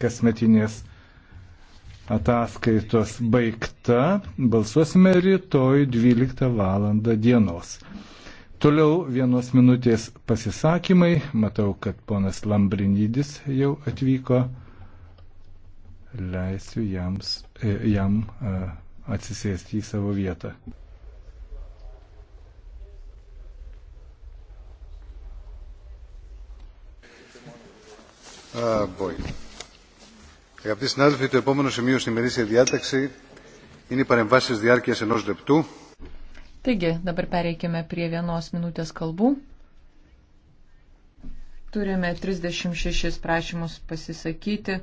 kasmetinės ataskaitos baigta. Balsuosime rytoj 12 val. dienos. Toliau vienos minutės pasisakymai. Matau, kad ponas Lambrinydis jau atvyko. Leisiu jams, e, jam e, atsisėsti į savo vietą. Uh, boy. Αγαπητοί συνάδελφοι, το επόμενο σημείο στην ημερήσια διάταξη είναι οι παρεμβάσει διάρκεια ενό λεπτού. Taigi, dabar pereikime prie vienos minutės kalbų. Turime 36 prašymus pasisakyti.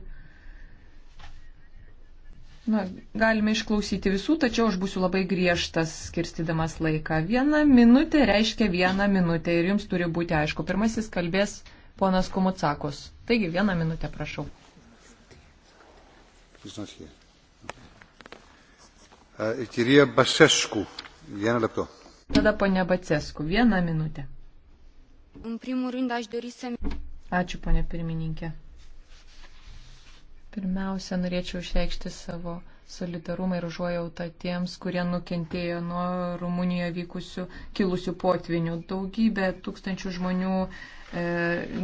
Na, galime išklausyti visų, tačiau aš būsiu labai griežtas skirstydamas laiką. Viena minutė reiškia vieną minutę ir jums turi būti aišku. Pirmasis kalbės ponas Komucakos. Taigi, vieną minutę prašau. She's not here. Okay. Η κυρία Μπασέσκου, για ένα λεπτό. Tada ponia Bacesku, vieną minutę. Ačiū, ponia pirmininkė. Pirmiausia, norėčiau išreikšti savo solidarumą ir užuojautą tiems, kurie nukentėjo nuo Rumunijoje vykusių kilusių potvinių. Daugybė tūkstančių žmonių e,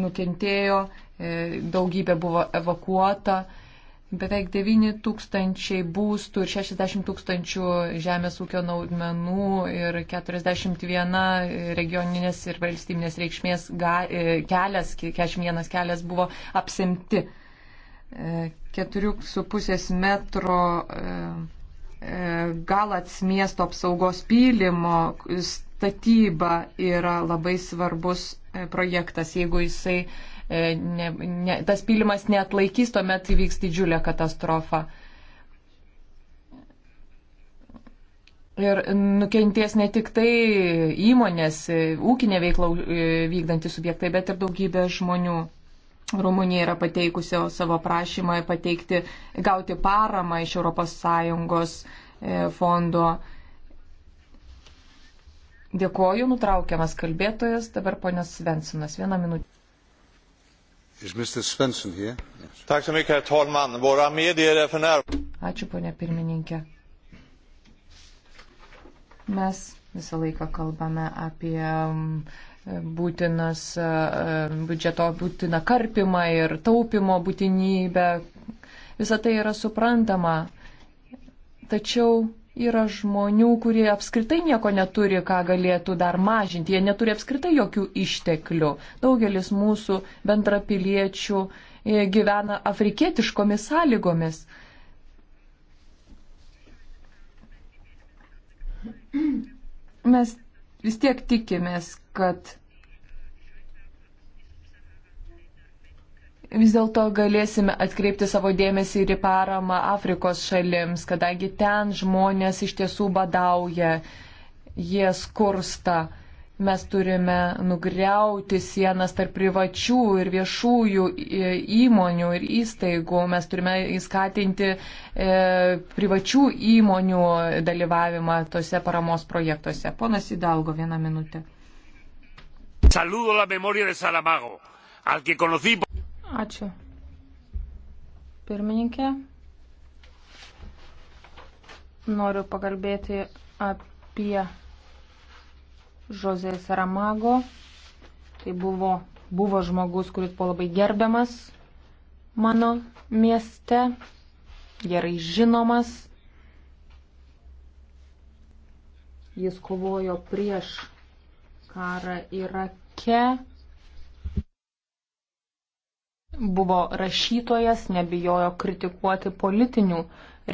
nukentėjo, e, daugybė buvo evakuota. E, beveik 9 tūkstančiai būstų ir 60 tūkstančių žemės ūkio naudmenų ir 41 regioninės ir valstybinės reikšmės ga, e, kelias, 41 kelias buvo apsimti. 4,5 e, metro e, galats miesto apsaugos pylimo statyba yra labai svarbus projektas, jeigu jisai E, ne, ne, tas pylimas net laikys, tuomet įvyks didžiulė katastrofa. Ir nukentės ne tik tai įmonės, e, ūkinė veikla e, vykdantys subjektai, bet ir daugybė žmonių. Rumunija yra pateikusi savo prašymą pateikti, gauti paramą iš ES fondo. Dėkoju, nutraukiamas kalbėtojas, dabar ponas Svensinas, vieną minutę herr talman! Våra medier är för närvarande. Ačiū, ponė pirmininkė. Mes visą laiką kalbame apie um, būtinas uh, biudžeto būtiną karpimą ir taupimo būtinybę. Visą tai yra suprantama. Tačiau Yra žmonių, kurie apskritai nieko neturi, ką galėtų dar mažinti. Jie neturi apskritai jokių išteklių. Daugelis mūsų bendrapiliečių e, gyvena afrikietiškomis sąlygomis. Mes vis tiek tikimės, kad vis dėlto galėsime atkreipti savo dėmesį ir į paramą Afrikos šalims, kadangi ten žmonės iš tiesų badauja, jie skursta. Mes turime nugriauti sienas tarp privačių ir viešųjų e, įmonių ir įstaigų. Mes turime įskatinti e, privačių įmonių dalyvavimą tose paramos projektuose. Ponas Idalgo, vieną minutę. Saludo la memoria de Saramago, al que conocí. Ačiū. Pirmininkė, noriu pakalbėti apie Žozė Saramago. Tai buvo, buvo žmogus, kuris buvo labai gerbiamas mano mieste, gerai žinomas. Jis kovojo prieš karą Irake buvo rašytojas, nebijojo kritikuoti politinių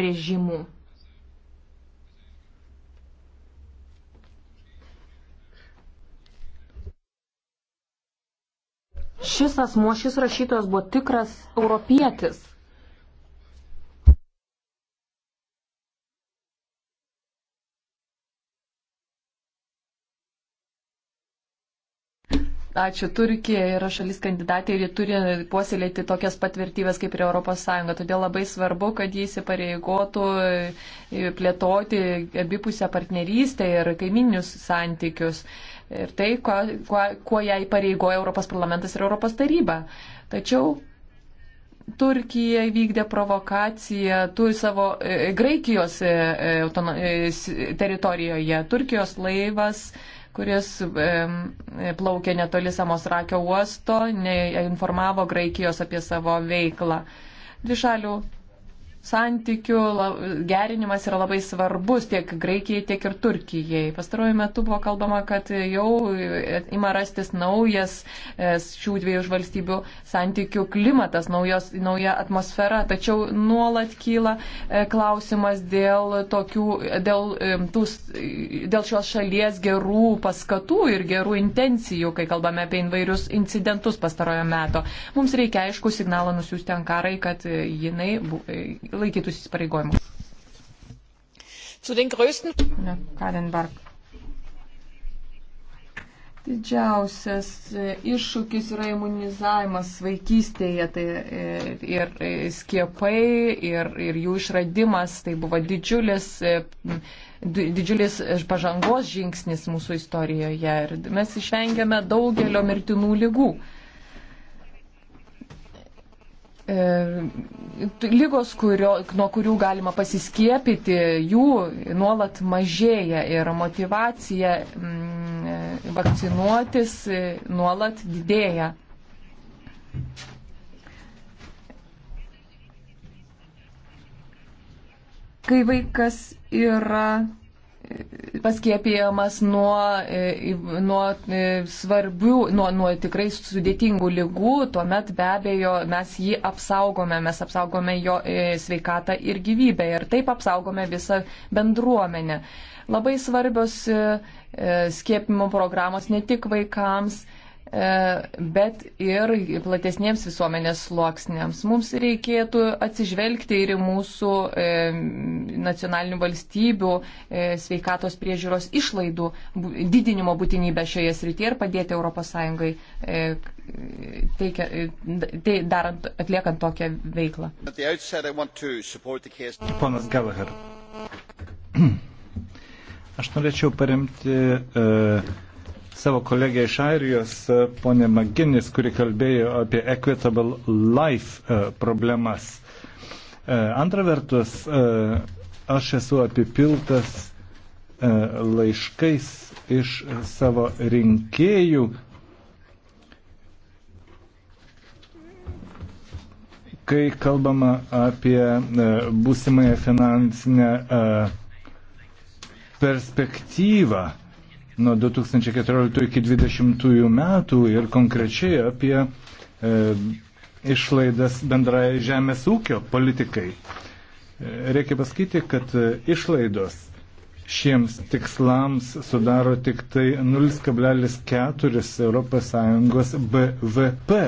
režimų. Šis asmuo, šis rašytojas buvo tikras europietis. Ačiū. Turkija yra šalis kandidatė ir ji turi puoselėti tokias patvirtybės kaip ir ES. Todėl labai svarbu, kad jie įsipareigotų e, plėtoti abipusę partnerystę ir kaiminius santykius. Ir tai, kuo, kuo, kuo ją įpareigoja Europos parlamentas ir Europos taryba. Tačiau Turkija vykdė provokaciją turi savo e, Graikijos e, e, e teritorijoje. Turkijos laivas. E, kuris plaukė netoli Samosrakio uosto, neinformavo Graikijos apie savo veiklą. Dvišalių santykių gerinimas yra labai svarbus tiek Graikijai, tiek ir Turkijai. Pastaruoju metu buvo kalbama, kad jau e, ima rastis naujas e, šių dviejų valstybių santykių klimatas, naujos, nauja atmosfera, tačiau nuolat kyla e, klausimas dėl, tokių, dėl, tūs, dėl šios šalies gerų paskatų ir gerų intencijų, kai kalbame apie įvairius incidentus pastarojo meto. Mums reikia aišku signalą nusiųsti Ankarai, kad jinai laikytųsi įsipareigojimų. Kadenberg. Didžiausias e, iššūkis yra imunizavimas vaikystėje tai e, ir e, skiepai, ir, ir jų išradimas. Tai buvo didžiulis, didžiulis pažangos žingsnis mūsų istorijoje ir mes išvengėme daugelio mirtinų lygų. E, lygos, kurio, nuo kurių galima pasiskiepyti, jų nuolat mažėja ir motivacija mm, vakcinuotis e, nuolat didėja. Kai vaikas yra paskėpėjamas nuo, e, nuo e, svarbių, nuo, nuo tikrai sudėtingų lygų, tuomet be abejo mes jį apsaugome, mes apsaugome jo e, sveikatą ir gyvybę ir taip apsaugome visą bendruomenę. Labai svarbios skiepimo programos ne tik vaikams, E, bet ir platesniems visuomenės sluoksniams. Mums reikėtų atsižvelgti ir į mūsų e, nacionalinių valstybių e, sveikatos priežiūros išlaidų didinimo būtinybę šioje srityje ir padėti ES teikia, tai darant, atliekant tokią veiklą. Ponas Gallagher. Aš norėčiau paremti uh, savo kolegę iš Airijos, e, ponę Maginis, kuri kalbėjo apie Equitable Life e, problemas. E, antra vertus, aš esu apipiltas laiškais iš savo rinkėjų, kai kalbama apie būsimąją finansinę perspektyvą nuo 2014 iki 2020 metų ir konkrečiai apie e, išlaidas bendrai žemės ūkio politikai. E, reikia pasakyti, kad e, išlaidos šiems tikslams sudaro tik tai 0,4 ES BVP.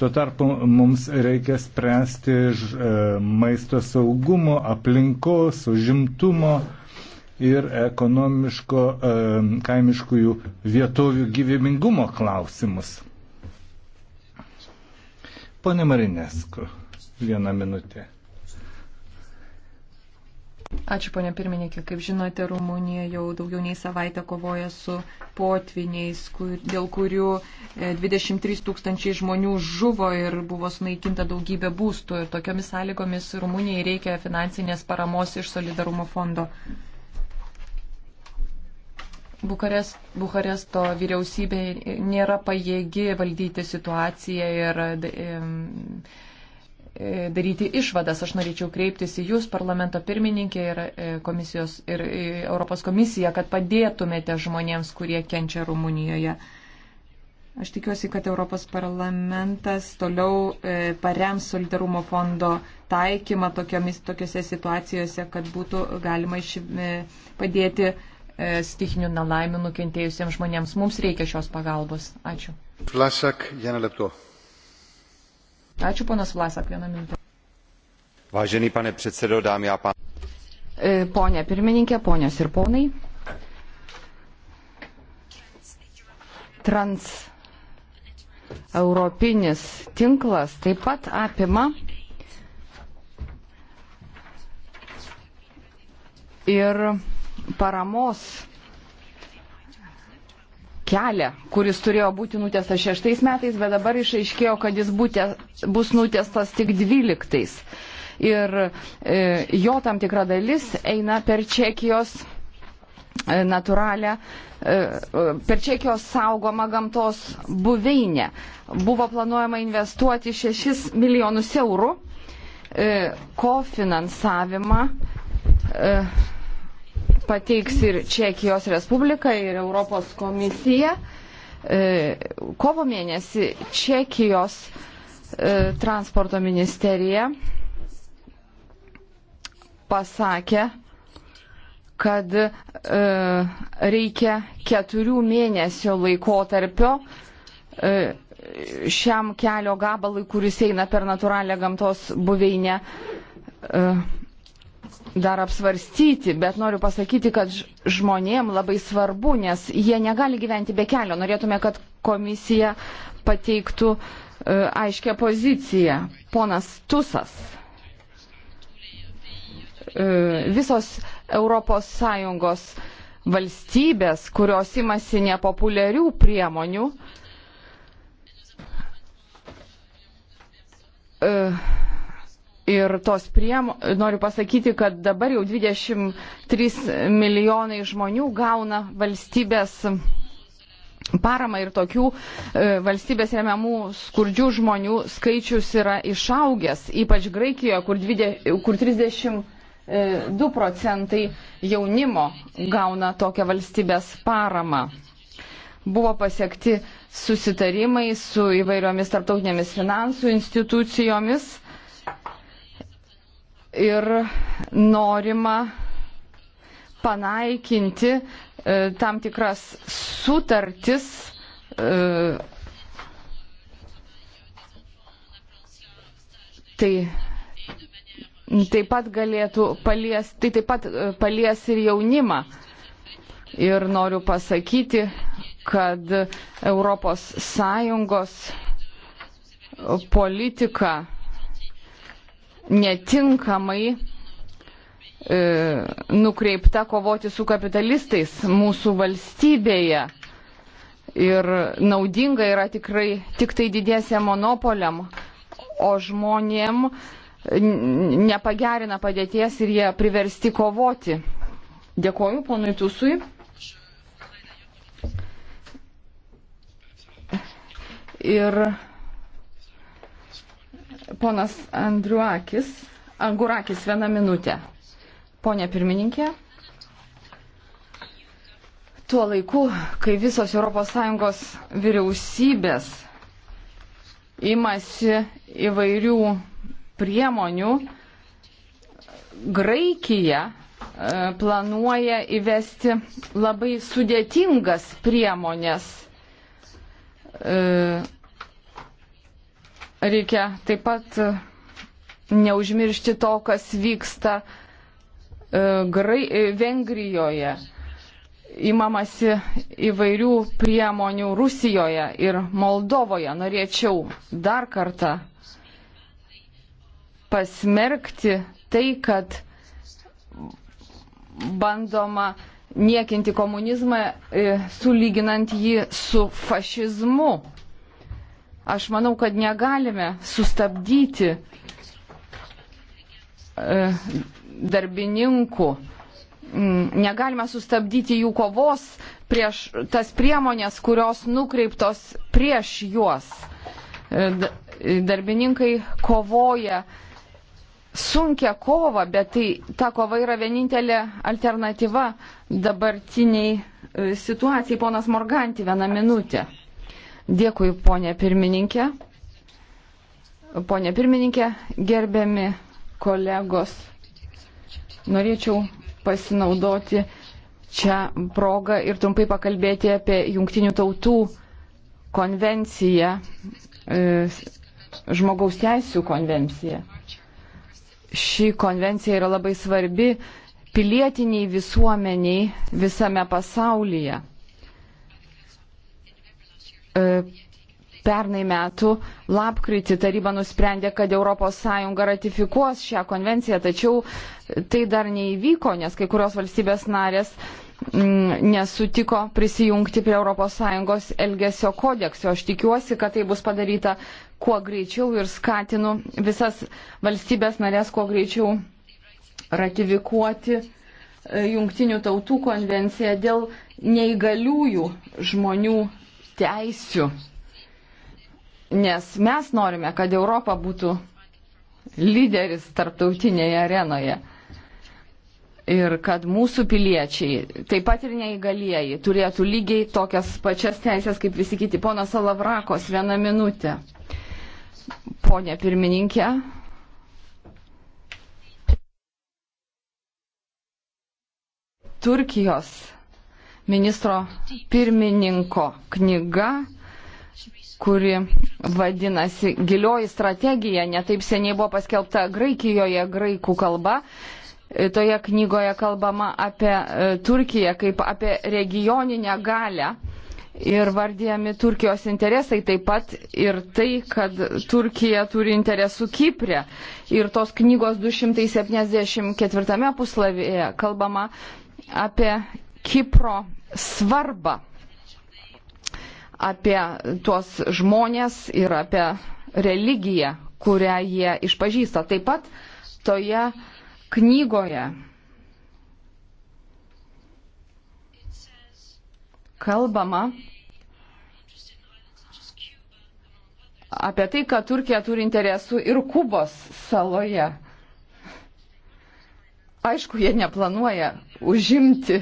Tuo tarpu mums reikia spręsti e, maisto saugumo, aplinkos, užimtumo, ir ekonomiško e, kaimiškųjų vietovių gyvybingumo klausimus. Pone Marinesku, vieną minutę. Ačiū, ponė pirmininkė. Kaip žinote, Rumunija jau daugiau nei savaitę kovoja su potviniais, kur, dėl kurių 23 e, tūkstančiai žmonių žuvo ir buvo sunaikinta daugybė būstų. Ir tokiomis sąlygomis Rumunijai reikia finansinės paramos iš solidarumo fondo. Bukarest, Bukaresto vyriausybė nėra pajėgi valdyti situaciją ir e, daryti išvadas. Aš norėčiau kreiptis į Jūs, parlamento pirmininkė ir, e, komisijos, ir e, Europos komisiją, kad padėtumėte žmonėms, kurie kenčia Rumunijoje. Aš tikiuosi, kad Europos parlamentas toliau parems solidarumo fondo taikymą tokiomis, tokiose situacijose, kad būtų galima iš, padėti E, stichinių nelaimių nukentėjusiems žmonėms. Mums reikia šios pagalbos. Ačiū. Vlasak, vieną lepto. Ačiū, ponas Vlasak, vieną minutę. Vážený pane předsedo, dámy a pán. E, Pone pirmininkė, ponios ir ponai. Trans europinis tinklas taip pat apima ir paramos kelią, kuris turėjo būti nutestas šeštais metais, bet dabar išaiškėjo, kad jis būtė, bus nutestas tik dvyliktais. Ir e, jo tam tikra dalis eina per Čekijos e, natūralią, e, e per Čekijos saugomą gamtos buveinę. Buvo planuojama investuoti 6 milijonus eurų e, kofinansavimą. E, pateiks ir Čekijos Respublika, ir Europos komisija. E, kovo mėnesį Čekijos e, transporto ministerija pasakė, kad e, reikia keturių mėnesio laikotarpio e, šiam kelio gabalui, kuris eina per natūralią gamtos buveinę, e, dar apsvarstyti, bet noriu pasakyti, kad žmonėm labai svarbu, nes jie negali gyventi be kelio. Norėtume, kad komisija pateiktų e, aiškę poziciją. Ponas Tusas. E, visos ES valstybės, kurios imasi nepopuliarių priemonių, uh, Ir tos priem, noriu pasakyti, kad dabar jau 23 milijonai žmonių gauna valstybės paramą ir tokių e, valstybės remiamų skurdžių žmonių skaičius yra išaugęs, ypač Graikijoje, kur, 20, kur 32 procentai jaunimo gauna tokią valstybės paramą. Buvo pasiekti susitarimai su įvairiomis tarptautinėmis finansų institucijomis ir norima panaikinti e, tam tikras sutartis. E, tai taip pat galėtų palies, tai taip pat e, palies ir jaunimą. Ir noriu pasakyti, kad ES politikų netinkamai e, nukreipta kovoti su kapitalistais mūsų valstybėje. Ir naudinga yra tikrai tik tai didiesiam monopoliam, o žmonėm nepagerina padėties ir jie priversti kovoti. Dėkoju ponui Tusui. Ir Ponas Andriuakis, Angurakis, vieną minutę. Pone pirmininkė, tuo laiku, kai visos ES vyriausybės imasi įvairių priemonių, Graikija e, planuoja įvesti labai sudėtingas priemonės e, Reikia taip pat e, neužmiršti to, kas vyksta e, Grai e, Vengrijoje. Įmamasi įvairių priemonių Rusijoje ir Moldovoje. Norėčiau dar kartą pasmerkti tai, kad bandoma niekinti komunizmą, sulyginant jį su fašizmu. Aš manau, kad negalime sustabdyti e, darbininkų, mm, negalime sustabdyti jų kovos prieš tas priemonės, kurios nukreiptos prieš juos. E, darbininkai kovoja sunkia kova, bet tai, ta kova yra vienintelė alternatyva dabartiniai e, situacijai. Ponas Morganti, vieną minutę. Dėkui, ponė pirmininkė. Ponė pirmininkė, gerbiami kolegos, norėčiau pasinaudoti čia progą ir trumpai pakalbėti apie Junktinių tautų konvenciją, e, žmogaus teisų konvenciją. Ši konvencija yra labai svarbi pilietiniai visuomeniai visame pasaulyje. E, pernai metų lapkritį taryba nusprendė, kad ES ratifikuos šią konvenciją, tačiau tai dar neįvyko, nes kai kurios valstybės narės mm, nesutiko prisijungti prie ES elgesio kodeksio. Aš tikiuosi, kad tai bus padaryta kuo greičiau ir skatinu visas valstybės narės kuo greičiau ratifikuoti e, Jungtinių tautų konvenciją dėl neįgaliųjų žmonių teisių, nes mes norime, kad Europa būtų lyderis tarptautinėje arenoje. Ir kad mūsų piliečiai, taip pat ir neįgalieji, turėtų lygiai tokias pačias teisės kaip visi kiti. Ponas Alavrakos, vieną minutę. Pone pirmininkė, Turkijos ministro pirmininko knyga kuri vadinasi Gilioji strategija, netaip seniai buvo paskelbta Graikijoje graikų kalba. E, toje knygoje kalbama apie e, Turkiją kaip apie regioninę galę ir vardėjami Turkijos interesai taip pat ir tai, kad Turkija turi interesų Kiprė. Ir tos knygos 274 puslapyje kalbama apie Kipro svarbą apie tuos žmonės ir apie religiją, kurią jie išpažįsta. Taip pat toje knygoje kalbama apie tai, kad Turkija turi interesų ir Kubos saloje. Aišku, jie neplanuoja užimti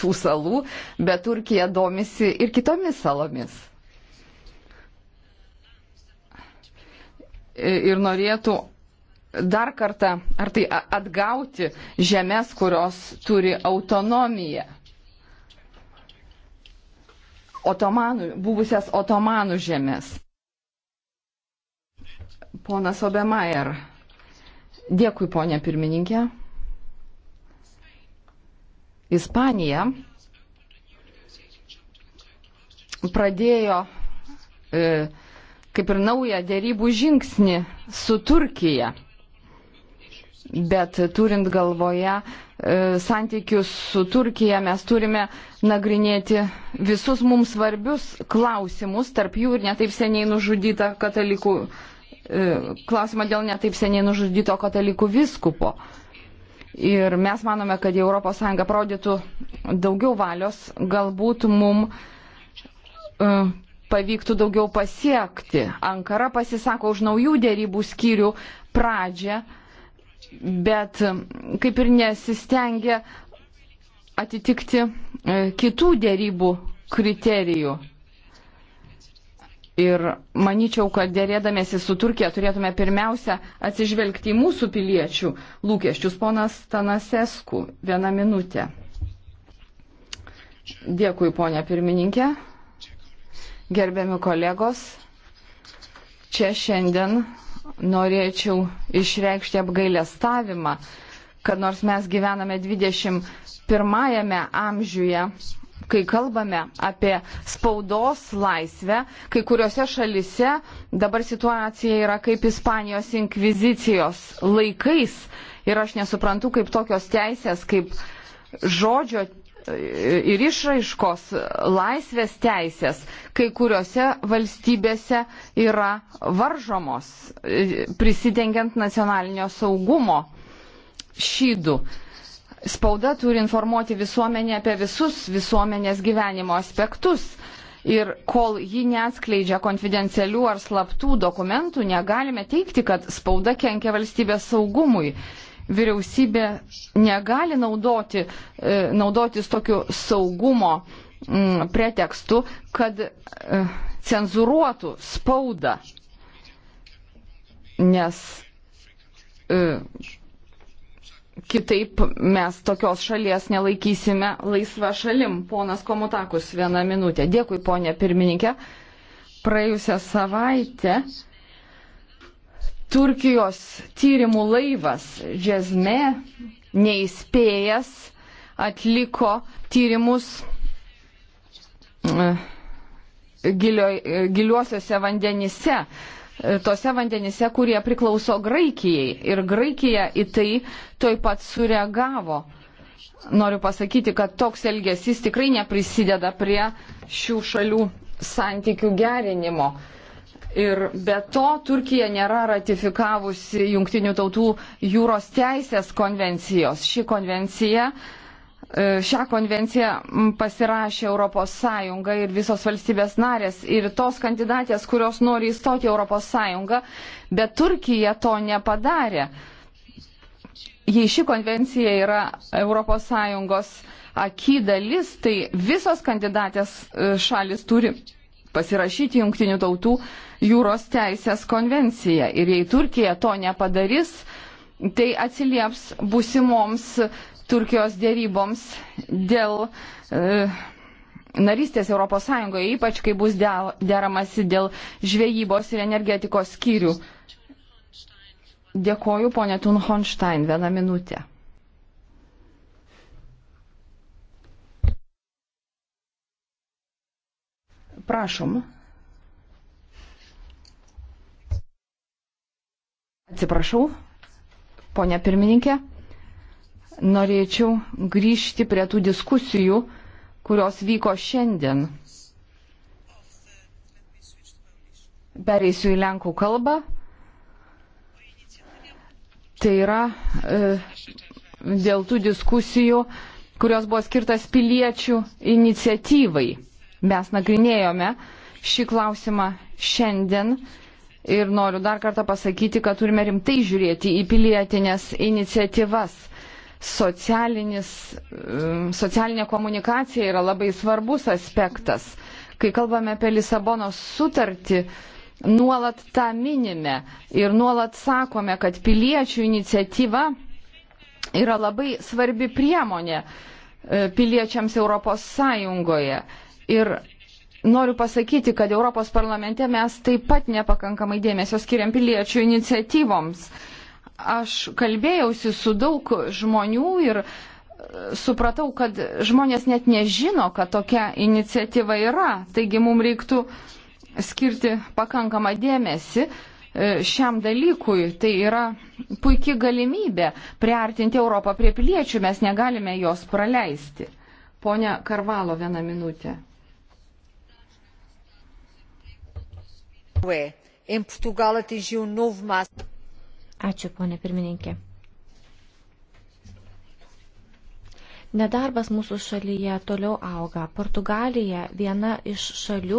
tų salų, bet Turkija domisi ir kitomis salomis. Ir norėtų dar kartą, ar tai atgauti žemės, kurios turi autonomiją. Otomanų, buvusias otomanų žemės. Ponas Obemajer. Dėkui, ponė pirmininkė. Ispanija pradėjo e, kaip ir naują dėrybų žingsnį su Turkija. Bet turint galvoje e, santykius su Turkija, mes turime nagrinėti visus mums svarbius klausimus, tarp jų ir netaip seniai nužudyta katalikų, e, klausimą dėl netaip seniai nužudyto katalikų viskupo. Ir mes manome, kad jei ES parodytų daugiau valios, galbūt mum uh, pavyktų daugiau pasiekti. Ankara pasisako už naujų dėrybų skyrių pradžią, bet e, kaip ir nesistengia atitikti uh, kitų dėrybų kriterijų. Ir manyčiau, kad dėrėdamėsi su Turkija turėtume pirmiausia atsižvelgti į mūsų piliečių lūkesčius. Ponas Tanasesku, vieną minutę. Dėkui, ponė pirmininkė. Gerbiami kolegos, čia šiandien norėčiau išreikšti apgailę stavimą, kad nors mes gyvename 21 amžiuje, kai kalbame apie spaudos laisvę, kai kuriuose šalise dabar situacija yra kaip Ispanijos inkvizicijos laikais. Ir aš nesuprantu, kaip tokios teisės, kaip žodžio e, ir išraiškos laisvės teisės, kai kuriuose valstybėse yra varžomos, e, prisidengiant nacionalinio saugumo šydų spauda turi informuoti visuomenę apie visus visuomenės gyvenimo aspektus. Ir kol ji neatskleidžia konfidencialių ar slaptų dokumentų, negalime teikti, kad spauda kenkia valstybės saugumui. Vyriausybė negali naudoti, e, naudotis tokiu saugumo m, mm, pretekstu, kad m, e, cenzuruotų spaudą. Nes m, e, Kitaip mes tokios šalies nelaikysime laisvą šalim. Ponas Komutakus, vieną minutę. Dėkui, ponė pirmininkė. Praėjusią savaitę Turkijos tyrimų laivas Džezme, neįspėjęs, atliko tyrimus e, gilioj, e, giliuosiuose vandenyse tose vandenise, kurie priklauso Graikijai. Ir Graikija į tai toj pat sureagavo. Noriu pasakyti, kad toks elgesys tikrai neprisideda prie šių šalių santykių gerinimo. Ir be to Turkija nėra ratifikavusi Junktinių tautų jūros teisės konvencijos. Ši konvencija uh, E, šią konvenciją pasirašė ES ir visos valstybės narės ir tos kandidatės, kurios nori įstoti ES, bet Turkija to nepadarė. Jei ši konvencija yra ES aky dalis, tai visos kandidatės e, šalis turi pasirašyti Junktinių tautų jūros teisės konvenciją. Ir jei Turkija to nepadarys, tai atsilieps būsimoms Turkijos dėryboms dėl e, narystės ES, ypač kai bus deramasi dėl žvejybos ir energetikos skyrių. Dėkoju, ponė Tunhonštain, vieną minutę. Prašom. Atsiprašau, ponė pirmininkė norėčiau grįžti prie tų diskusijų, kurios vyko šiandien. Pereisiu į lenkų kalbą. Tai yra e, dėl tų diskusijų, kurios buvo skirtas piliečių iniciatyvai. Mes nagrinėjome šį klausimą šiandien ir noriu dar kartą pasakyti, kad turime rimtai žiūrėti į pilietinės iniciatyvas Mm, socialinė komunikacija yra labai svarbus aspektas. Kai kalbame apie Lisabonos sutartį, nuolat tą minime ir nuolat sakome, kad piliečių iniciatyva yra labai svarbi priemonė e, piliečiams Europos Sąjungoje. Ir noriu pasakyti, kad Europos parlamente mes taip pat nepakankamai dėmesio skiriam piliečių iniciatyvoms. Aš kalbėjausi su daug žmonių ir e, supratau, kad žmonės net nežino, kad tokia iniciatyva yra. Taigi mums reiktų skirti pakankamą dėmesį e, šiam dalykui. Tai yra puikia galimybė priartinti Europą prie piliečių, mes negalime jos praleisti. Pone Karvalo, vieną minutę. Em Portugal atingiu um novo máximo. Ačiū, ponė pirmininkė. Nedarbas mūsų šalyje toliau auga. Portugalija viena iš šalių,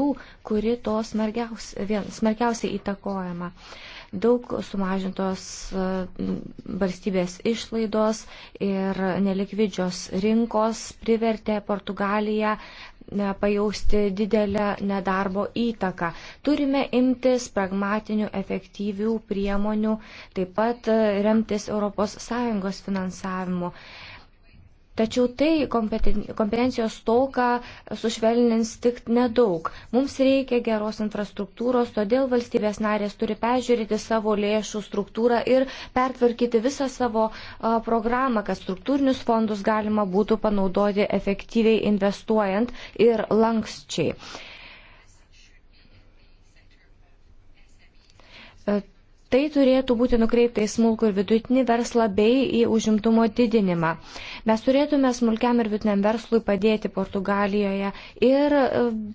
kuri to smarkiaus, vien, smarkiausiai įtakojama. Daug sumažintos valstybės išlaidos ir nelikvidžios rinkos privertė Portugaliją pajausti didelę nedarbo įtaką. Turime imtis pragmatinių, efektyvių priemonių, taip pat e, remtis ES finansavimu. Tačiau tai kompetencijos toką sušvelnins tik nedaug. Mums reikia geros infrastruktūros, todėl valstybės narės turi peržiūrėti savo lėšų struktūrą ir pertvarkyti visą savo programą, kad struktūrinius fondus galima būtų panaudoti efektyviai investuojant ir lankščiai. Tai turėtų būti nukreipta į smulkų ir vidutinį verslą bei į užimtumo didinimą. Mes turėtume smulkiam ir vidutiniam verslui padėti Portugalijoje ir e,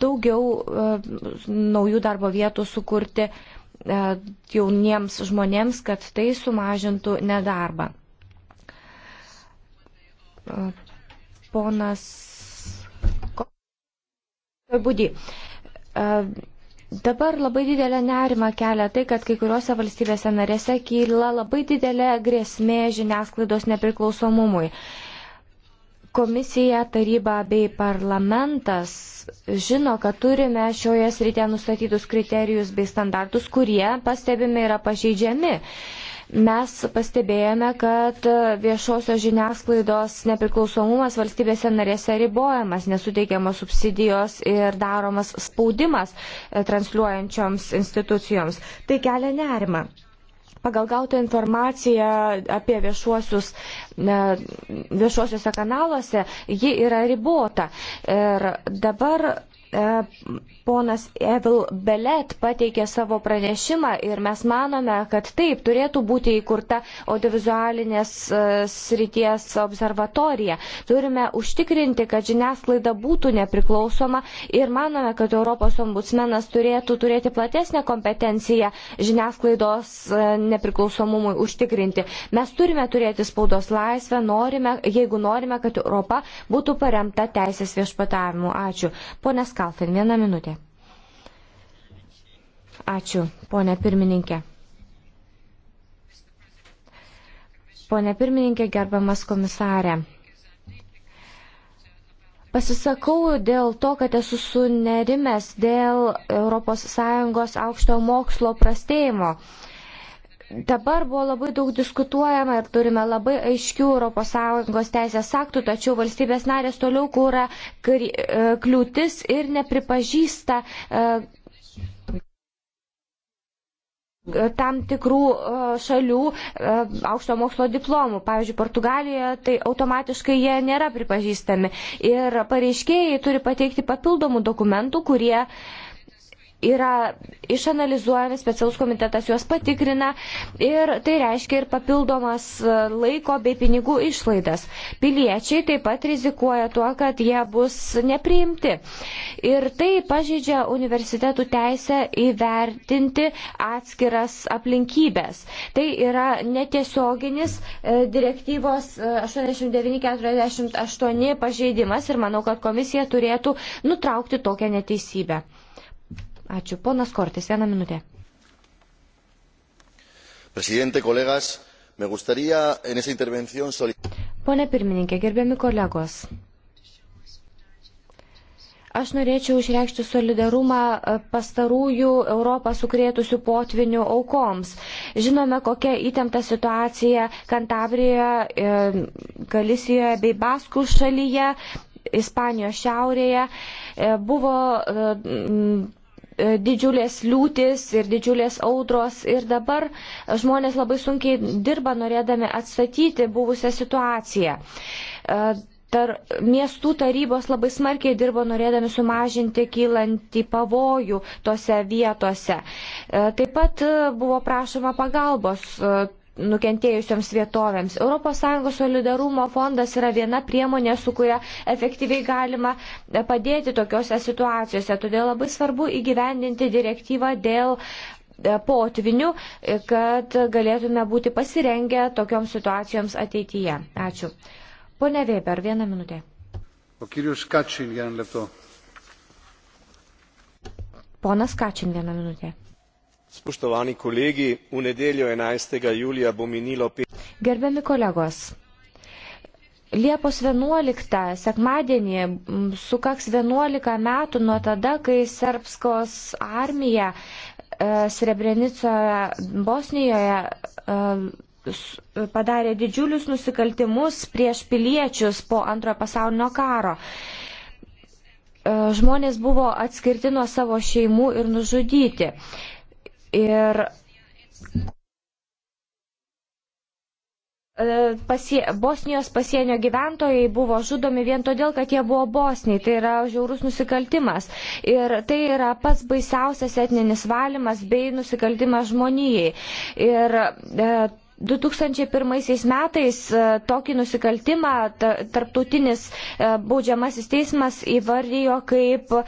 daugiau e, naujų darbo vietų sukurti e, jauniems žmonėms, kad tai sumažintų nedarbą. Ponas Budį. Dabar labai didelę nerimą kelia tai, kad kai kuriuose valstybėse narėse kyla labai didelė grėsmė žiniasklaidos nepriklausomumui. Komisija, taryba bei parlamentas žino, kad turime šioje srityje nustatytus kriterijus bei standartus, kurie, pastebime, yra pažeidžiami. Uh, Mes pastebėjome, kad viešosios žiniasklaidos nepriklausomumas valstybėse narėse ribojamas, nesuteikiamos subsidijos ir daromas spaudimas e, transliuojančioms institucijoms. Tai kelia nerima. Pagal gautą informaciją apie viešuosius, e, viešuosiuose kanaluose, ji yra ribota. Ir dabar e, ponas Evil Belet pateikė savo pranešimą ir mes manome, kad taip turėtų būti įkurta audiovizualinės e, srities observatorija. Turime užtikrinti, kad žiniasklaida būtų nepriklausoma ir manome, kad Europos ombudsmenas turėtų turėti platesnę kompetenciją žiniasklaidos e, nepriklausomumui užtikrinti. Mes turime turėti spaudos laisvę, norime, jeigu norime, kad Europa būtų paremta teisės viešpatavimu. Ačiū. Pone Skalfin, vieną minutę. Ačiū, ponė pirmininkė. Pone pirmininkė, gerbiamas komisarė. Pasisakau dėl to, kad esu sunerimęs dėl ES aukštojo mokslo prastėjimo. Dabar buvo labai daug diskutuojama ir turime labai aiškių ES teisės aktų, tačiau valstybės narės toliau kūra e, kliūtis ir nepripažįsta e, E, tam tikrų e, šalių e, aukšto mokslo diplomų. Pavyzdžiui, Portugalijoje tai automatiškai jie nėra pripažįstami. Ir pareiškėjai turi pateikti papildomų dokumentų, kurie uh, yra išanalizuojami, specialus komitetas juos patikrina ir tai reiškia ir papildomas e, laiko bei pinigų išlaidas. Piliečiai taip pat rizikuoja tuo, kad jie bus nepriimti. Ir tai pažeidžia universitetų teisę įvertinti atskiras aplinkybės. Tai yra netiesioginis e, direktyvos 8948 e, pažeidimas ir manau, kad komisija turėtų nutraukti tokią neteisybę. Ačiū. Ponas Kortis, vieną minutę. Presidente, kolegas, me gustaría en esa intervención Pone pirmininkė, gerbiami kolegos. Aš norėčiau išreikšti solidarumą e, pastarųjų Europą sukrėtusių potvinių aukoms. Žinome, kokia įtempta situacija Kantabrijoje, e, Galisijoje bei Baskų šalyje Ispanijos šiaurėje e, buvo E, didžiulės liūtis ir didžiulės audros ir dabar žmonės labai sunkiai dirba norėdami atstatyti buvusią situaciją. E, tar, miestų tarybos labai smarkiai dirbo norėdami sumažinti kylantį pavojų tose vietose. E, taip pat buvo prašoma pagalbos nukentėjusioms vietovėms. ES solidarumo fondas yra viena priemonė, su kuria efektyviai galima padėti tokiuose situacijose. Todėl labai svarbu įgyvendinti direktyvą dėl e, potvinių, e, kad galėtume būti pasirengę tokioms situacijoms ateityje. Ačiū. Pone Weber, vieną minutę. O kirius Kačin, vieną lėpto. Ponas Kačin, vieną minutę. Spoštovani kolegi, v nedeljo 11. julija bo minilo pet. Gerbiami kolegos, Liepos 11, sekmadienį, sukaks 11 metų nuo tada, kai Serbskos armija e, Srebrenicoje, Bosnijoje e, padarė didžiulius nusikaltimus prieš piliečius po antrojo pasaulinio karo. E, žmonės buvo atskirti nuo savo šeimų ir nužudyti. E, Ir e, pasie, Bosnijos pasienio gyventojai buvo žudomi vien todėl, kad jie buvo bosniai. Tai yra žiaurus nusikaltimas. Ir tai yra pats baisiausias etninis valymas bei nusikaltimas žmonijai. Ir e, 2001 metais e, tokį nusikaltimą tarptautinis e, baudžiamasis teismas įvardijo kaip e,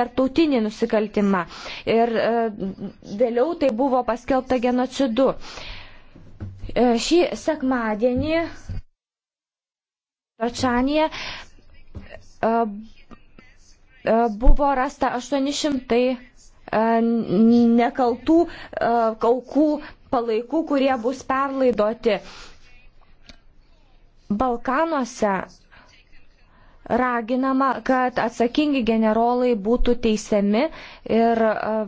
tarptautinį nusikaltimą. Ir vėliau tai buvo paskelbta genocidu. Šį sekmadienį Varčanėje buvo rasta 800 nekaltų aukų palaikų, kurie bus perlaidoti. Balkanuose raginama, kad atsakingi generolai būtų teisiami ir e,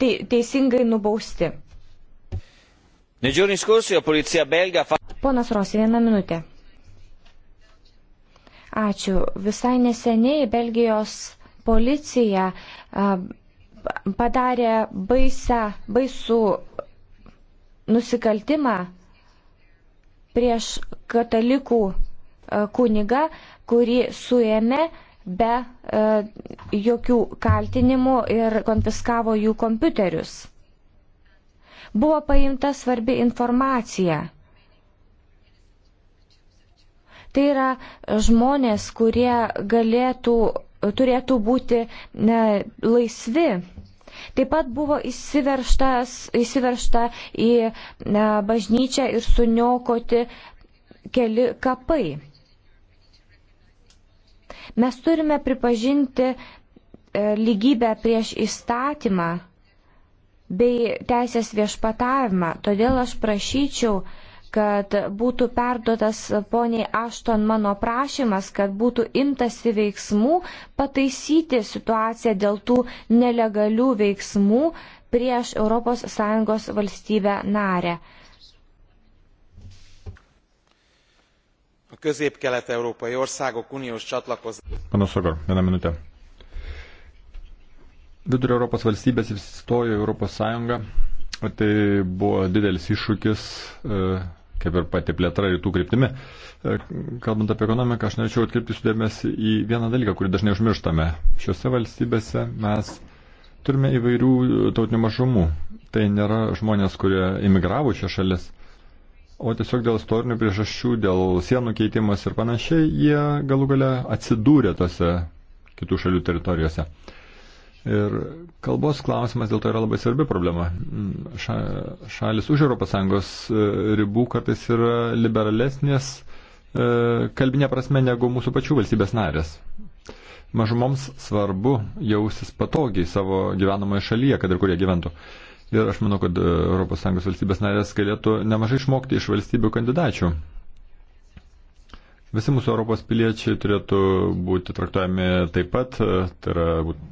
te, teisingai nubausti. Ponas Rosi, vieną minutę. Ačiū. Visai neseniai Belgijos policija e, padarė baisę, baisų nusikaltimą prieš katalikų e, kunigą, kurį suėmė be e, jokių kaltinimų ir konfiskavo jų kompiuterius. Buvo paimta svarbi informacija. Tai yra žmonės, kurie galėtų, turėtų būti ne, laisvi Taip pat buvo įsiveršta į e, bažnyčią ir suniokoti keli kapai. Mes turime pripažinti e, lygybę prieš įstatymą bei teisės viešpatavimą. Todėl aš prašyčiau, kad būtų perduotas poniai Ašton mano prašymas, kad būtų imtasi veiksmų pataisyti situaciją dėl tų nelegalių veiksmų prieš ES valstybę narę. A közép-kelet-európai országok uniós csatlakozása. Panas Sogor, vieną minutę. Vidurio Europos valstybės įstojo Europos Sąjungą Tai buvo didelis iššūkis, e, kaip ir pati plėtra rytų kryptimi. E, kalbant apie ekonomiką, aš norėčiau atkreipti sudėmėsi į vieną dalyką, kurį dažnai užmirštame. Šiuose valstybėse mes turime įvairių tautinių mažumų. Tai nėra žmonės, kurie imigravo šią šalis, o tiesiog dėl istorinių priežasčių, dėl sienų keitimas ir panašiai, jie galų gale atsidūrė tose kitų šalių teritorijose. Uh, Ir kalbos klausimas dėl to yra labai svarbi problema. Ša, šalis už ES e, ribų kartais yra liberalesnės e, kalbinė prasme negu mūsų pačių valstybės narės. Mažumoms svarbu jausis patogiai savo gyvenamoje šalyje, kad ir kurie gyventų. Ir aš manau, kad e, ES valstybės narės galėtų nemažai išmokti iš valstybių kandidačių Visi mūsų Europos piliečiai turėtų būti traktuojami taip pat, tai yra,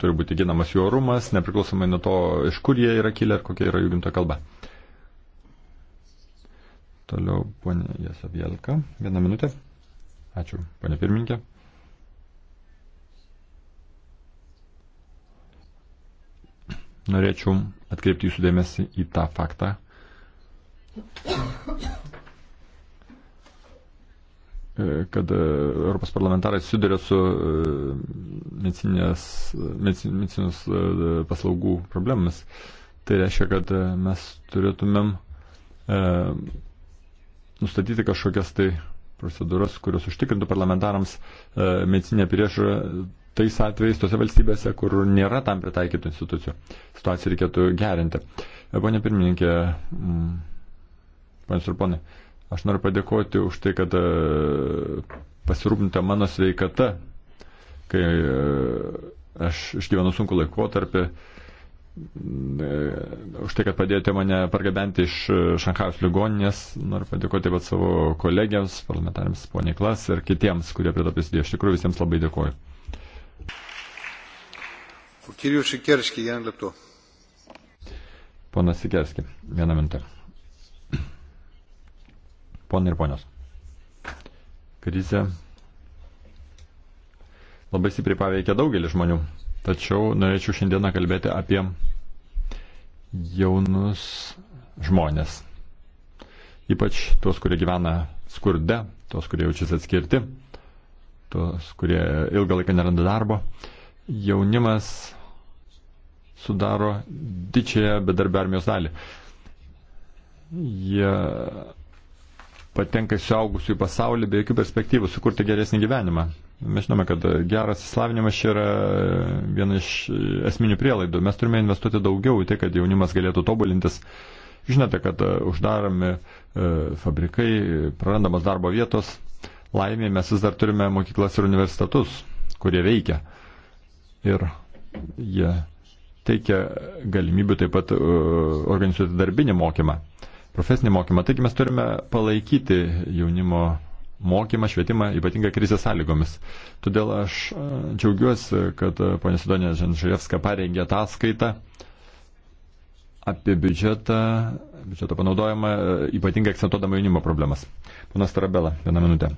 turi būti ginamas jų orumas, nepriklausomai nuo to, iš kur jie yra kilę ir kokia yra jų gimta kalba. Toliau, ponė Jasavielka, vieną minutę. Ačiū, ponė pirmininkė. Norėčiau atkreipti jūsų dėmesį į tą faktą, E, kad e, Europos parlamentarai susiduria su e, medicinės, medicinos paslaugų problemas. Tai reiškia, kad mes turėtumėm e, nustatyti kažkokias tai procedūras, kurios užtikrintų parlamentarams e, medicinę priežiūrą tais atvejais tose valstybėse, kur nėra tam pritaikytų institucijų. Situaciją reikėtų gerinti. Pone pirmininkė, mm, ponės ir ponai, e, Aš noriu padėkoti už tai, kad e, pasirūpinta mano sveikata, kai e, aš išgyvenu sunku laikotarpį, e, už tai, kad padėjote mane pargabenti iš Šankajos ligoninės. Noriu padėkoti taip pat savo kolegiams, parlamentarėms, poniai Klas ir kitiems, kurie prie to prisidėjo. Iš tikrųjų visiems labai dėkoju. Ponas Sikerski, vieną minutę. Ponai ir ponios, krizė labai stipriai paveikia daugelį žmonių, tačiau norėčiau šiandieną kalbėti apie jaunus žmonės. Ypač tuos, kurie gyvena skurde, tuos, kurie jaučiasi atskirti, tuos, kurie ilgą laiką neranda darbo. Jaunimas sudaro didžiąją bedarbio armijos dalį. Jie patenka iš augusių į pasaulį be jokių perspektyvų sukurti geresnį gyvenimą. Mes žinome, kad geras įslavinimas yra viena iš esminių prielaidų. Mes turime investuoti daugiau į tai, kad jaunimas galėtų tobulintis. Žinote, kad e, uždaromi e, fabrikai, prarandamas darbo vietos. Laimė mes vis dar turime mokyklas ir universitetus, kurie veikia. Ir jie teikia galimybių taip pat e, organizuoti darbinį mokymą profesinį mokymą. Taigi mes turime palaikyti jaunimo mokymą, švietimą, ypatingai krizės sąlygomis. Todėl aš e, džiaugiuosi, kad e, ponė Sidonė Žanžajevska parengė ataskaitą apie biudžetą, biudžeto panaudojimą, e, ypatingai akcentuodama jaunimo problemas. Ponas Tarabela, vieną minutę.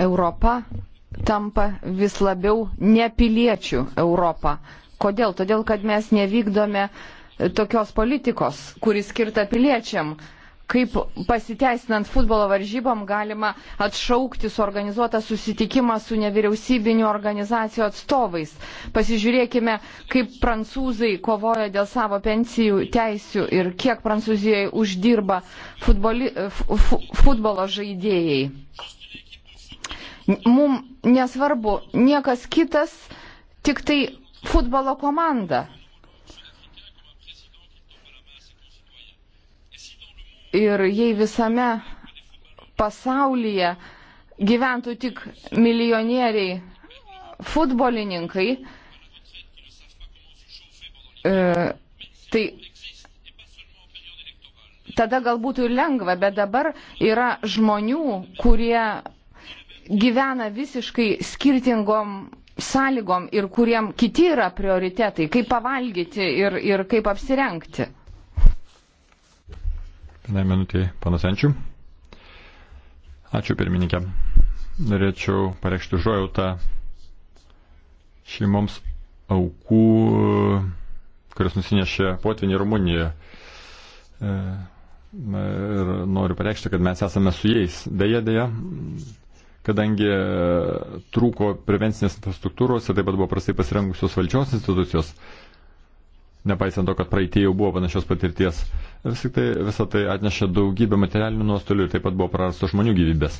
Europa tampa vis labiau nepiliečių Europą. Kodėl? Todėl, kad mes nevykdome uh, tokios politikos, kuris skirta piliečiam kaip pasiteisinant futbolo varžybom galima atšaukti suorganizuotą susitikimą su nevyriausybinių organizacijų atstovais. Pasižiūrėkime, kaip prancūzai kovoja dėl savo pensijų teisių ir kiek Prancūzijoje uždirba futboli, f, futbolo žaidėjai. Mums nesvarbu niekas kitas, tik tai futbolo komanda. Ir jei visame pasaulyje gyventų tik milijonieriai futbolininkai, e, tai tada gal būtų ir lengva, bet dabar yra žmonių, kurie gyvena visiškai skirtingom sąlygom ir kuriem kiti yra prioritetai, kaip pavalgyti ir, ir kaip apsirengti. Vienai minutiai, panas Enčių. Ačiū pirmininkė. Norėčiau pareikšti užuojautą šeimoms aukų, kurios nusinešė potvinį Rumunijoje. E, ir noriu pareikšti, kad mes esame su jais. Deja, deja, kadangi trūko prevencinės infrastruktūros ir taip pat buvo prastai pasirengusios valdžios institucijos, nepaisant to, kad praeitie jau buvo panašios patirties vis tik tai visą tai atneša daugybę materialinių nuostolių ir taip pat buvo prarasta žmonių gyvybės.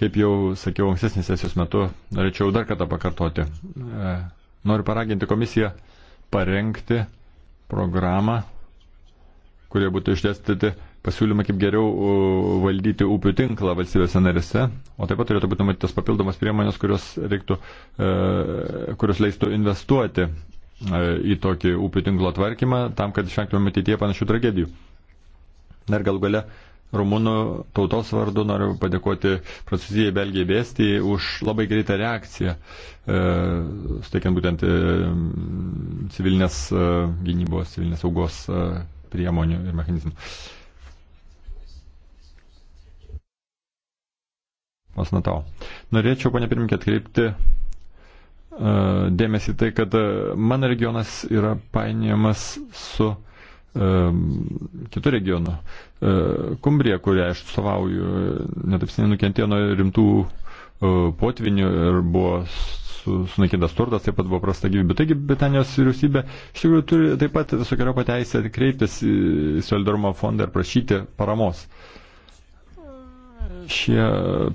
Kaip jau sakiau ankstesnės sesijos metu, norėčiau dar kartą pakartoti. E, noriu paraginti komisiją parengti programą, kurie būtų išdėstyti pasiūlymą, kaip geriau valdyti upių tinklą valstybėse narėse, o taip pat turėtų būti numatytos papildomas priemonės, kurios, reiktų, e, kurios leistų investuoti E, į tokį upių tinklo tvarkymą, tam, kad išvengtume ateityje panašių tragedijų. Dar gal gale Rumunų tautos vardu noriu padėkoti Prancūzijai, Belgijai, Bestijai už labai greitą reakciją, e, suteikiant būtent e, civilinės e, gynybos, civilinės saugos e, priemonių ir mechanizmų. Masnatau. Norėčiau, ponia pirmininkė, atkreipti E, dėmesį tai, kad e, mano regionas yra painiojamas su um, kitu regionu. Uh, Kumbrija, kurią aš atstovauju, netaip seniai nukentėjo nuo rimtų uh, potvinių ir buvo sunaikintas turtas, taip pat buvo prasta gyvybė. Taigi Britanijos vyriausybė iš tikrųjų turi taip pat visokiojo pateisę kreiptis į solidarumo fondą ir prašyti paramos. Uh, Šie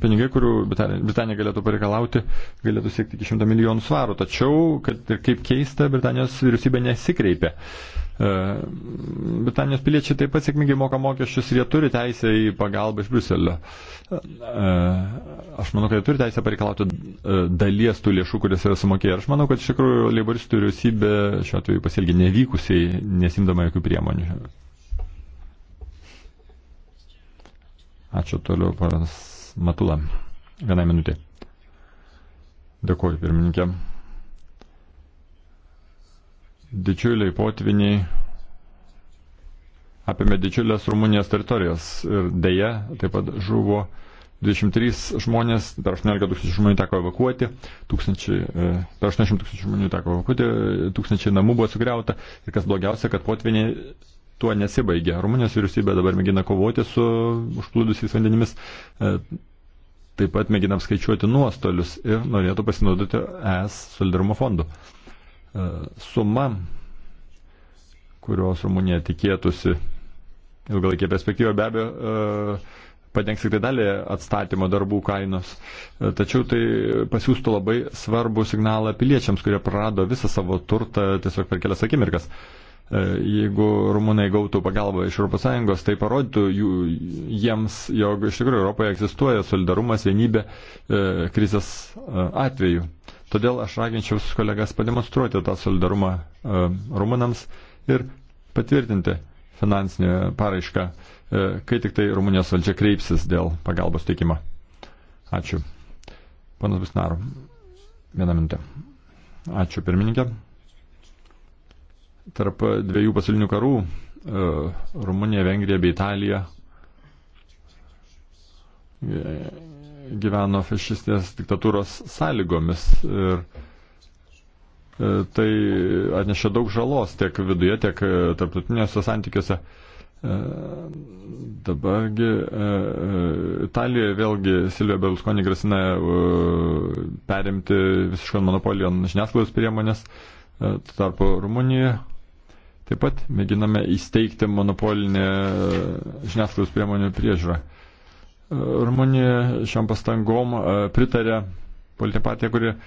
pinigai, kurių Britanija galėtų pareikalauti, galėtų siekti iki 100 milijonų svarų. Tačiau, kad ir kaip keista, Britanijos vyriausybė nesikreipė. E, Britanijos piliečiai taip pat sėkmingai moka mokesčius ir jie turi teisę į pagalbą iš Bruselio. E, aš manau, kad jie turi teisę pareikalauti e, dalies tų lėšų, kurias yra sumokėję. Ir aš manau, kad iš tikrųjų leiboristų vyriausybė šiuo atveju pasielgė nevykusiai, nesimdama jokių priemonių. Ačiū toliau, panas Matula. Vieną minutę. Dėkuoju, pirmininkė. Didžiuliai potviniai apėmė didžiulės Rumunijos teritorijos ir dėja taip pat žuvo 23 žmonės, per 18 tūkstančių žmonių teko evakuoti, tūkstančiai, e, per 80 tūkstančių žmonių teko evakuoti, tūkstančiai namų buvo sugriauta ir kas blogiausia, kad potviniai tuo nesibaigia. Rumunijos vyriausybė dabar mėgina kovoti su užplūdusiais vandenimis, e, taip pat mėgina apskaičiuoti nuostolius ir norėtų pasinaudoti ES solidarumo fondu. E, suma, kurios Rumunija tikėtųsi ilgalaikė perspektyva, be abejo, e, padengs tik tai dalį atstatymo darbų kainos. Tačiau tai pasiūstų labai svarbų signalą piliečiams, kurie prarado visą savo turtą tiesiog per kelias akimirkas. Uh, E, jeigu rumunai gautų pagalbą iš ES, tai parodytų jų, jiems, jog iš tikrųjų Europoje egzistuoja solidarumas, vienybė e, krizės e, atveju. Todėl aš raginčiau visus kolegas pademonstruoti tą solidarumą rumunams ir patvirtinti finansinę paraišką, kai tik tai Rumunijos valdžia kreipsis dėl pagalbos teikimo. Ačiū. Panas Bisnaru. Vieną minutę. Ačiū pirmininkė tarp dviejų pasaulinių karų e, - Rumunija, Vengrija bei Italija e, gyveno fašistinės diktatūros sąlygomis ir e, tai atnešė daug žalos tiek viduje, tiek tarptautinėse santykiuose. Dabargi Italijoje vėlgi Silvija Berlusconi grasina perimti visišką monopoliją žiniasklaidos priemonės, tarpu Rumunijoje Taip pat mėginame įsteigti monopolinę žiniasklaidos priemonių priežiūrą. Rumunija šiam pastangom e, pritarė politinė partija, kuri e,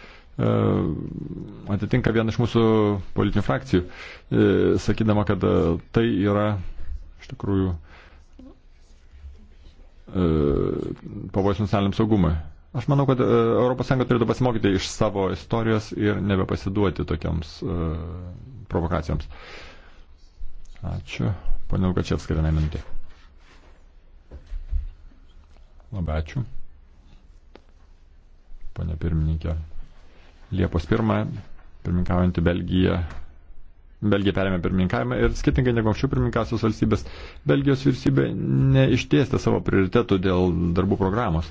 atitinka vieną iš mūsų politinių frakcijų, e, sakydama, kad tai yra iš tikrųjų pavojus nacionaliniam saugumui. Aš manau, kad ES turėtų pasimokyti iš savo istorijos ir nebepasiduoti tokiams provokacijoms. Uh, Ačiū. Pane Lukačievskai, vieną minutę. Labai ačiū. Pane pirmininkė. Liepos 1, pirmininkaujantį Belgiją. Belgija perėmė pirmininkavimą ir skirtingai negu anksčiau pirmininkasios valstybės, Belgijos vyriausybė neištiestė savo prioritetų dėl darbų programos.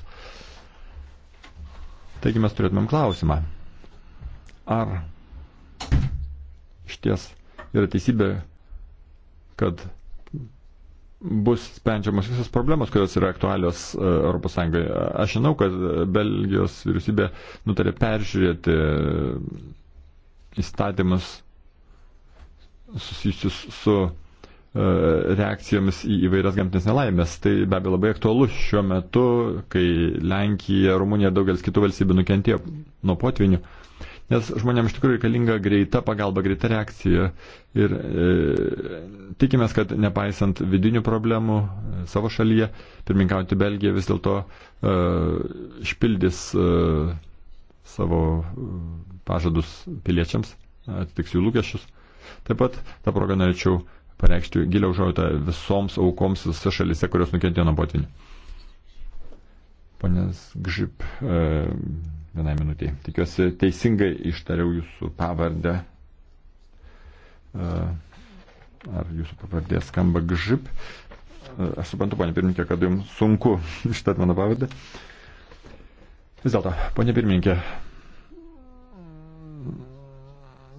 Taigi mes turėtumėm klausimą. Ar iš ties yra teisybė, kad bus sprendžiamas visas problemas, kurios yra aktualios ES. Aš žinau, kad Belgijos vyriausybė nutarė peržiūrėti įstatymus susijusius su e, reakcijomis į įvairias gamtinės nelaimės. Tai be abejo labai aktualu šiuo metu, kai Lenkija, Rumunija, daugelis kitų valstybių nukentėjo nuo potvinių nes žmonėms iš tikrųjų reikalinga greita pagalba, greita reakcija ir e, tikimės, kad nepaisant vidinių problemų e, savo šalyje, pirminkauti Belgija vis dėlto e, išpildys e, savo e, pažadus piliečiams, atitiks jų lūkesčius. Taip pat tą progą norėčiau pareikšti giliau žautą visoms aukoms visose šalise, kurios nukentėjo nuo potvinių. Ponės Gžip. E, vienai minutiai. Tikiuosi teisingai ištariau jūsų pavardę. Ar jūsų pavardė skamba gžip? Aš suprantu, ponė pirmininkė, kad jums sunku ištart mano pavardę. Vis dėlto, ponė pirmininkė,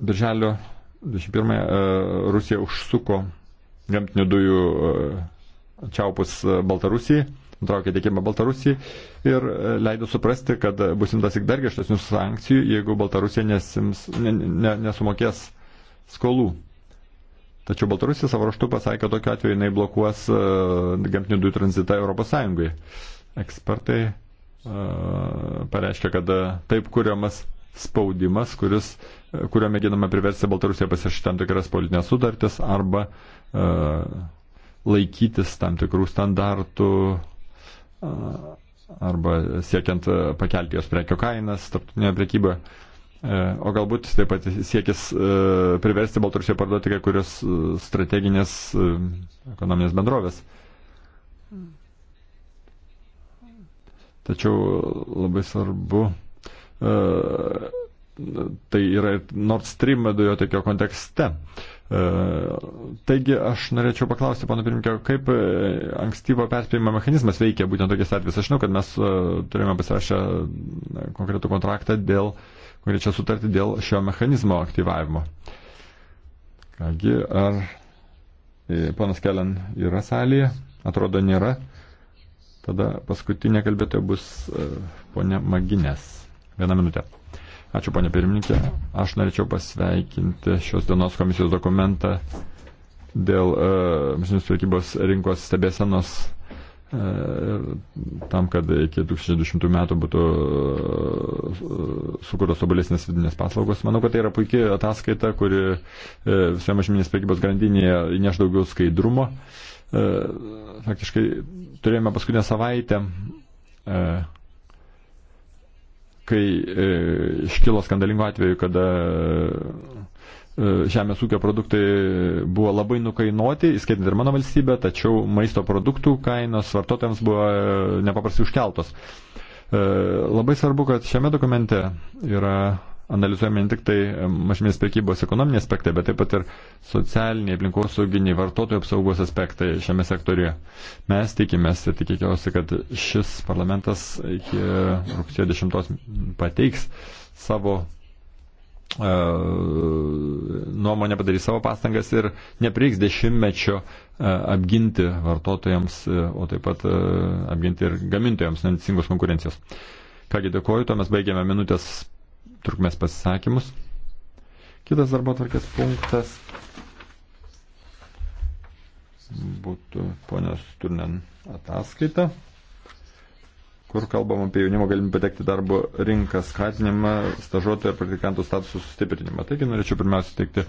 birželio 21 Rusija užsuko gamtinių dujų čiaupus Baltarusijai nutraukė tiekimą Baltarusijai ir e, leido suprasti, kad bus imtas tik dar griežtesnių sankcijų, jeigu Baltarusija nesims, ne, ne, nesumokės skolų. Tačiau Baltarusija savo raštu pasakė, kad tokiu atveju jinai blokuos uh, gamtinių dujų tranzitą Europos Sąjungai. Ekspertai uh, e, pareiškia, kad uh, taip kuriamas spaudimas, kuris, uh, kurio mėginama priversti Baltarusiją pasirašyti tam tikras politinės sutartis arba uh, laikytis tam tikrų standartų, arba siekiant e, pakelti jos prekių kainas, tarptautinėje prekyboje. O galbūt taip pat siekis e, priversti Baltarusiją parduoti kai kurios e, strateginės ekonominės bendrovės. Tačiau labai svarbu tai yra ir Nord Stream dujotekio kontekste. E, taigi aš norėčiau paklausti, pana pirmininkė, kaip e, ankstyvo perspėjimo mechanizmas veikia būtent tokiais atvejais. Aš žinau, kad mes e, turėjome pasirašę konkretų kontraktą dėl, konkrečią sutartį dėl šio mechanizmo aktyvavimo. Kągi, ar panas Kelen yra salėje? Atrodo, nėra. Tada paskutinė kalbėtoja bus ponia Maginės. Vieną minutę. Ačiū, ponė pirmininkė. Aš norėčiau pasveikinti šios dienos komisijos dokumentą dėl e, mažinės prekybos rinkos stebėsenos e, tam, kad iki 2020 metų būtų e, sukurtos tobulesnės vidinės paslaugos. Manau, kad tai yra puikia ataskaita, kuri visoje mažminės prekybos grandinėje įneš daugiau skaidrumo. Faktiškai turėjome paskutinę savaitę kai e, iškilo skandalingo atveju, kada e, žemės ūkio produktai buvo labai nukainuoti, įskaitant ir mano valstybę, tačiau maisto produktų kainos vartotojams buvo e, nepaprastai užkeltos. E, labai svarbu, kad šiame dokumente yra analizuojami ne tik tai e, mažmės prekybos ekonominiai aspektai, bet taip pat ir socialiniai, aplinkosauginiai, vartotojų apsaugos aspektai šiame sektoriuje. Mes tikimės ir tikiuosi, kad šis parlamentas iki rugsėjo 10 pateiks savo e, nuomonė padarys savo pastangas ir neprieiks dešimtmečio e, apginti vartotojams, o taip pat apginti ir gamintojams neanticingus konkurencijos. Kągi dėkoju, to mes baigėme minutės trukmės pasisakymus. Kitas darbo tvarkės punktas būtų ponios Turnen ataskaita, kur kalbam apie jaunimo galimybę patekti darbo rinką skatinimą, stažuotojų ir praktikantų statusų sustiprinimą. Taigi norėčiau pirmiausia teikti